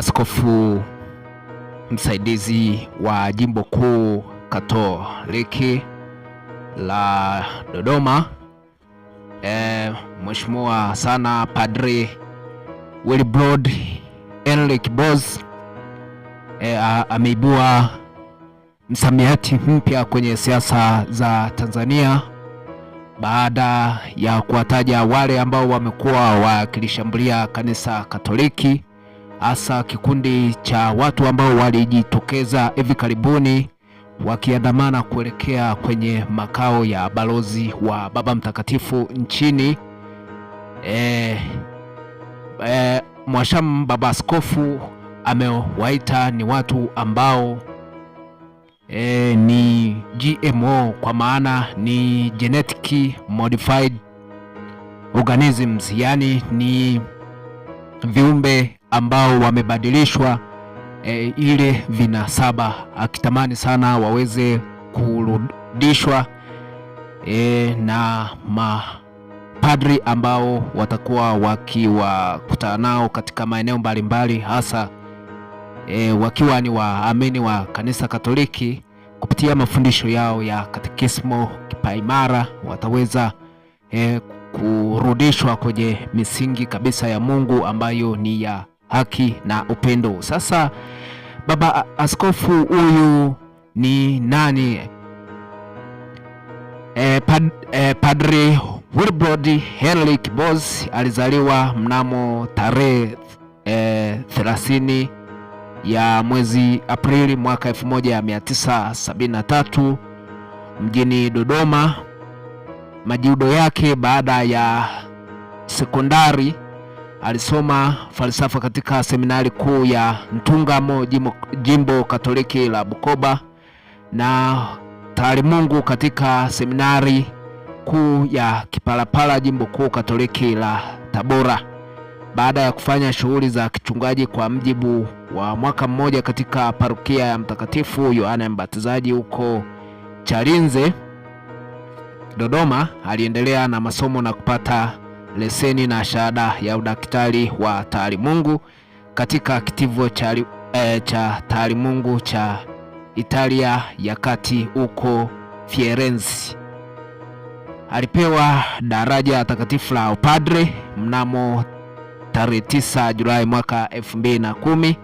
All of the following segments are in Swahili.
askofu msaidizi wa jimbo kuu Katoliki la Dodoma e, mheshimiwa sana Padri Wilbrod Enric Bos e, ameibua msamiati mpya kwenye siasa za Tanzania baada ya kuwataja wale ambao wamekuwa wakilishambulia kanisa Katoliki hasa kikundi cha watu ambao walijitokeza hivi karibuni wakiandamana kuelekea kwenye makao ya balozi wa Baba Mtakatifu nchini e, e, Mwashamu Baba Askofu amewaita ni watu ambao e, ni GMO kwa maana ni genetic modified organisms, yani ni viumbe ambao wamebadilishwa e, ile vinasaba, akitamani sana waweze kurudishwa e, na mapadri ambao watakuwa wakiwakutana nao katika maeneo mbalimbali hasa e, wakiwa ni waamini wa kanisa Katoliki kupitia mafundisho yao ya katekismo kipaimara wataweza e, kurudishwa kwenye misingi kabisa ya Mungu ambayo ni ya haki na upendo. Sasa baba askofu huyu ni nani? E, pad, e, Padre Wilbrod Henrik Bos alizaliwa mnamo tarehe e, 30 ya mwezi Aprili mwaka 1973 mjini Dodoma. Majiudo yake baada ya sekondari Alisoma falsafa katika seminari kuu ya Ntungamo, jimbo, jimbo Katoliki la Bukoba na taalimungu katika seminari kuu ya Kipalapala, jimbo kuu Katoliki la Tabora. Baada ya kufanya shughuli za kichungaji kwa mjibu wa mwaka mmoja katika parokia ya Mtakatifu Yohana Mbatizaji huko Chalinze, Dodoma, aliendelea na masomo na kupata leseni na shahada ya udaktari wa taalimungu katika kitivo cha, e, cha taalimungu cha Italia ya kati huko Firenze. Alipewa daraja takatifu la upadre mnamo tarehe 9 Julai mwaka 2010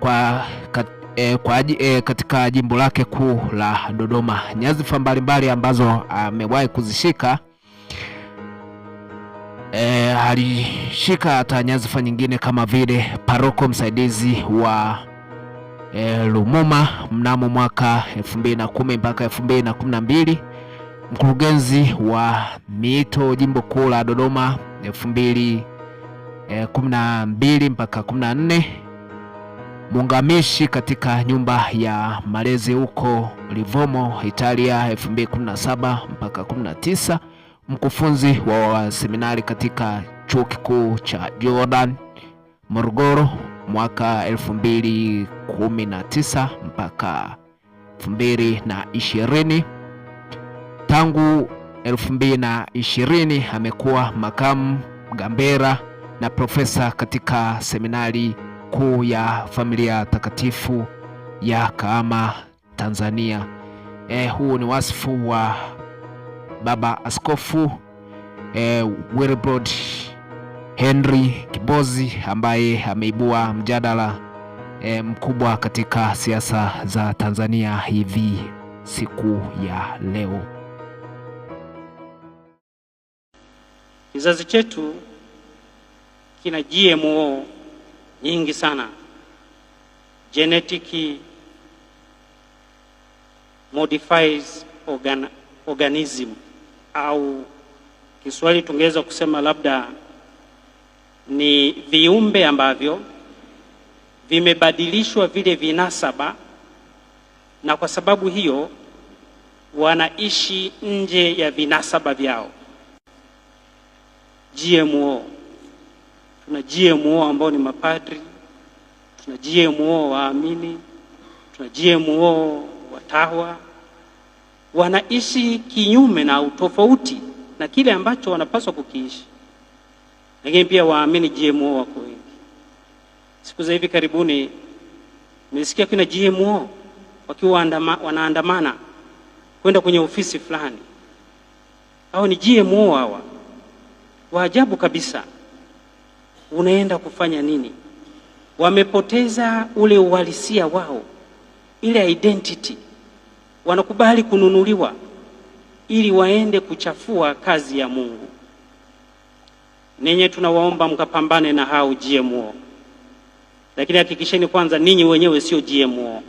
kwa kat, e, kwa, e, katika jimbo lake kuu la Dodoma. Nyadhifa mbalimbali ambazo amewahi kuzishika E, alishika hata nyadhifa nyingine kama vile paroko msaidizi wa e, Lumuma mnamo mwaka 2010 mpaka 2012, mkurugenzi wa miito jimbo kuu la Dodoma 2012 eh, mpaka 14, muungamishi katika nyumba ya malezi huko Livomo Italia 2017 mpaka 19 Mkufunzi wa seminari katika Chuo Kikuu cha Jordan Morogoro mwaka 2019 mpaka 2020. Tangu 2020 amekuwa makamu gambera na profesa katika seminari kuu ya Familia Takatifu ya Kahama, Tanzania. Eh, huu ni wasifu wa Baba Askofu eh, Wilbrod Henry Kibozi ambaye ameibua mjadala eh, mkubwa katika siasa za Tanzania hivi siku ya leo. Kizazi chetu kina GMO nyingi sana, genetic modifies organ, organism au Kiswahili tungeweza kusema labda ni viumbe ambavyo vimebadilishwa vile vinasaba, na kwa sababu hiyo wanaishi nje ya vinasaba vyao. GMO, tuna GMO ambao ni mapadri, tuna GMO waamini, tuna GMO watawa wanaishi kinyume na utofauti na kile ambacho wanapaswa kukiishi. Lakini pia waamini GMO wako wengi. Siku za hivi karibuni nimesikia kuna GMO wakiwa wanaandamana kwenda kwenye ofisi fulani. Hao ni GMO hawa. Waajabu kabisa. Unaenda kufanya nini? Wamepoteza ule uhalisia wao, ile identity wanakubali kununuliwa ili waende kuchafua kazi ya Mungu. Ninyi tunawaomba mkapambane na hao GMO, lakini hakikisheni kwanza ninyi wenyewe sio GMO.